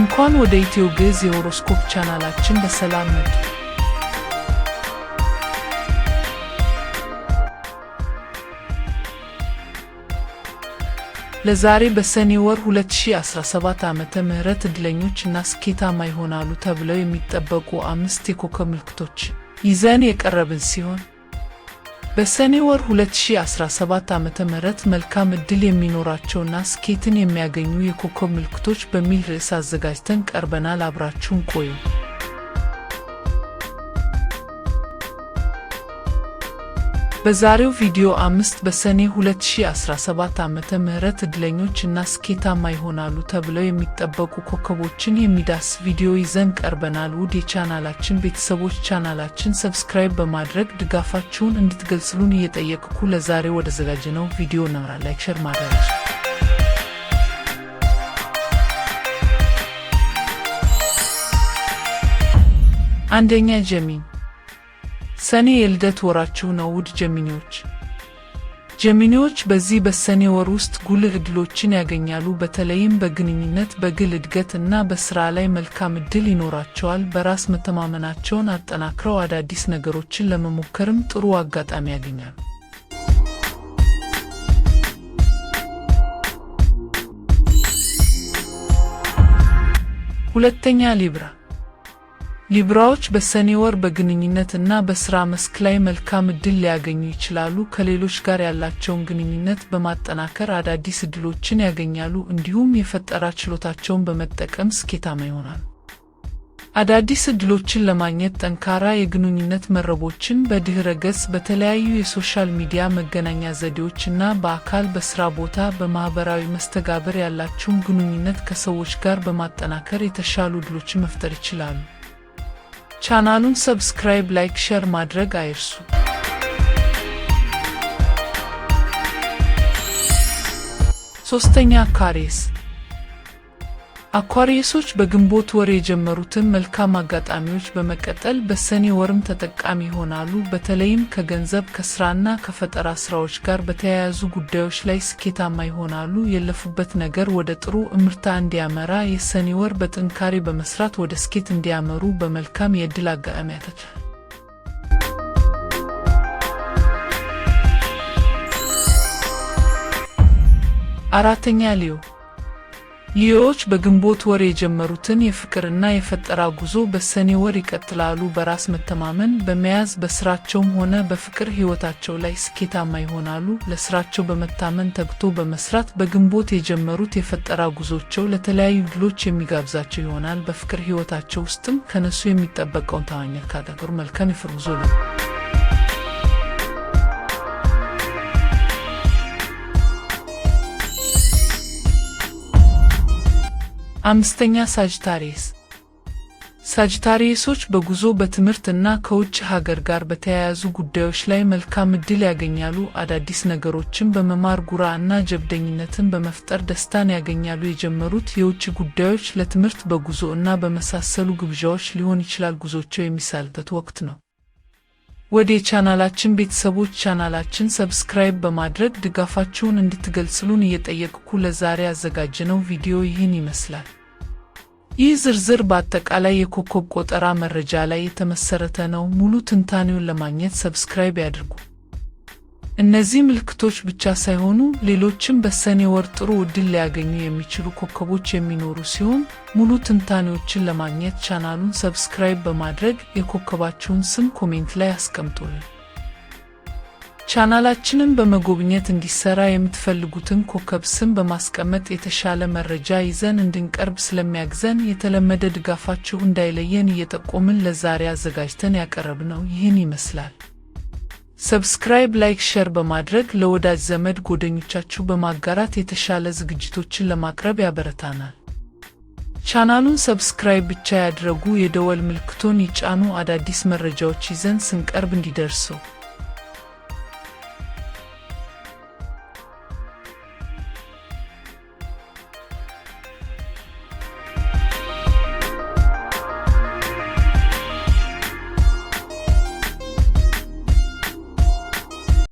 እንኳን ወደ ኢትዮ ግዕዝ የሆሮስኮፕ ቻናላችን በሰላም መጡ። ለዛሬ በሰኔ ወር 2017 ዓመተ ምህረት እድለኞች እና ስኬታማ ይሆናሉ ተብለው የሚጠበቁ አምስት የኮከብ ምልክቶች ይዘን የቀረብን ሲሆን በሰኔ ወር 2017 ዓ.ም መልካም ዕድል የሚኖራቸውና ስኬትን የሚያገኙ የኮከብ ምልክቶች በሚል ርዕስ አዘጋጅተን ቀርበናል። አብራችሁን ቆዩ። በዛሬው ቪዲዮ አምስት በሰኔ 2017 ዓመተ ምህረት እድለኞች እና ስኬታማ ይሆናሉ ተብለው የሚጠበቁ ኮከቦችን የሚዳስ ቪዲዮ ይዘን ቀርበናል። ውድ የቻናላችን ቤተሰቦች ቻናላችን ሰብስክራይብ በማድረግ ድጋፋችሁን እንድትገልጽሉን እየጠየቅኩ ለዛሬ ወደ ዘጋጀነው ቪዲዮ ነምራ ላይክ፣ ሸር ማድረግ አንደኛ ጀሚን ሰኔ የልደት ወራችሁ ነው። ውድ ጀሚኒዎች ጀሚኒዎች በዚህ በሰኔ ወር ውስጥ ጉልህ እድሎችን ያገኛሉ። በተለይም በግንኙነት፣ በግል እድገት እና በስራ ላይ መልካም እድል ይኖራቸዋል። በራስ መተማመናቸውን አጠናክረው አዳዲስ ነገሮችን ለመሞከርም ጥሩ አጋጣሚ ያገኛሉ። ሁለተኛ ሊብራ ሊብራዎች በሰኔ ወር በግንኙነት እና በስራ መስክ ላይ መልካም እድል ሊያገኙ ይችላሉ። ከሌሎች ጋር ያላቸውን ግንኙነት በማጠናከር አዳዲስ እድሎችን ያገኛሉ፣ እንዲሁም የፈጠራ ችሎታቸውን በመጠቀም ስኬታማ ይሆናሉ። አዳዲስ እድሎችን ለማግኘት ጠንካራ የግንኙነት መረቦችን በድኅረ ገጽ፣ በተለያዩ የሶሻል ሚዲያ መገናኛ ዘዴዎች እና በአካል በስራ ቦታ በማህበራዊ መስተጋብር ያላቸውን ግንኙነት ከሰዎች ጋር በማጠናከር የተሻሉ እድሎችን መፍጠር ይችላሉ። ቻናሉን ሰብስክራይብ፣ ላይክ፣ ሸር ማድረግ አይርሱ። ሶስተኛ ካሬስ አኳሪየሶች በግንቦት ወር የጀመሩትን መልካም አጋጣሚዎች በመቀጠል በሰኔ ወርም ተጠቃሚ ይሆናሉ። በተለይም ከገንዘብ ከስራና ከፈጠራ ስራዎች ጋር በተያያዙ ጉዳዮች ላይ ስኬታማ ይሆናሉ። የለፉበት ነገር ወደ ጥሩ እምርታ እንዲያመራ የሰኔ ወር በጥንካሬ በመስራት ወደ ስኬት እንዲያመሩ በመልካም የዕድል አጋጣሚ ያተች አራተኛ ሊዮ ሊዮዎች በግንቦት ወር የጀመሩትን የፍቅርና የፈጠራ ጉዞ በሰኔ ወር ይቀጥላሉ። በራስ መተማመን በመያዝ በስራቸውም ሆነ በፍቅር ህይወታቸው ላይ ስኬታማ ይሆናሉ። ለስራቸው በመታመን ተግቶ በመስራት በግንቦት የጀመሩት የፈጠራ ጉዞቸው ለተለያዩ ድሎች የሚጋብዛቸው ይሆናል። በፍቅር ህይወታቸው ውስጥም ከነሱ የሚጠበቀውን ታማኝነት ካዳበሩ መልካም የፍቅር ጉዞ ነው። አምስተኛ ሳጅታሪስ ሳጅታሪየሶች በጉዞ በትምህርትና ከውጭ ሀገር ጋር በተያያዙ ጉዳዮች ላይ መልካም እድል ያገኛሉ። አዳዲስ ነገሮችን በመማር ጉራ እና ጀብደኝነትን በመፍጠር ደስታን ያገኛሉ። የጀመሩት የውጭ ጉዳዮች ለትምህርት በጉዞ እና በመሳሰሉ ግብዣዎች ሊሆን ይችላል። ጉዞቸው የሚሳልበት ወቅት ነው። ወደ ቻናላችን ቤተሰቦች ቻናላችን ሰብስክራይብ በማድረግ ድጋፋችሁን እንድትገልጽሉን እየጠየቅኩ ለዛሬ ያዘጋጀነው ቪዲዮ ይህን ይመስላል። ይህ ዝርዝር በአጠቃላይ የኮከብ ቆጠራ መረጃ ላይ የተመሰረተ ነው። ሙሉ ትንታኔውን ለማግኘት ሰብስክራይብ ያድርጉ። እነዚህ ምልክቶች ብቻ ሳይሆኑ ሌሎችም በሰኔ ወር ጥሩ ዕድል ሊያገኙ የሚችሉ ኮከቦች የሚኖሩ ሲሆን ሙሉ ትንታኔዎችን ለማግኘት ቻናሉን ሰብስክራይብ በማድረግ የኮከባችሁን ስም ኮሜንት ላይ አስቀምጡልን። ቻናላችንን በመጎብኘት እንዲሰራ የምትፈልጉትን ኮከብ ስም በማስቀመጥ የተሻለ መረጃ ይዘን እንድንቀርብ ስለሚያግዘን የተለመደ ድጋፋችሁ እንዳይለየን እየጠቆምን ለዛሬ አዘጋጅተን ያቀረብነው ይህን ይመስላል። ሰብስክራይብ፣ ላይክ፣ ሸር በማድረግ ለወዳጅ ዘመድ ጎደኞቻችሁ በማጋራት የተሻለ ዝግጅቶችን ለማቅረብ ያበረታናል። ቻናሉን ሰብስክራይብ ብቻ ያድረጉ፣ የደወል ምልክቶን ይጫኑ። አዳዲስ መረጃዎች ይዘን ስንቀርብ እንዲደርሰው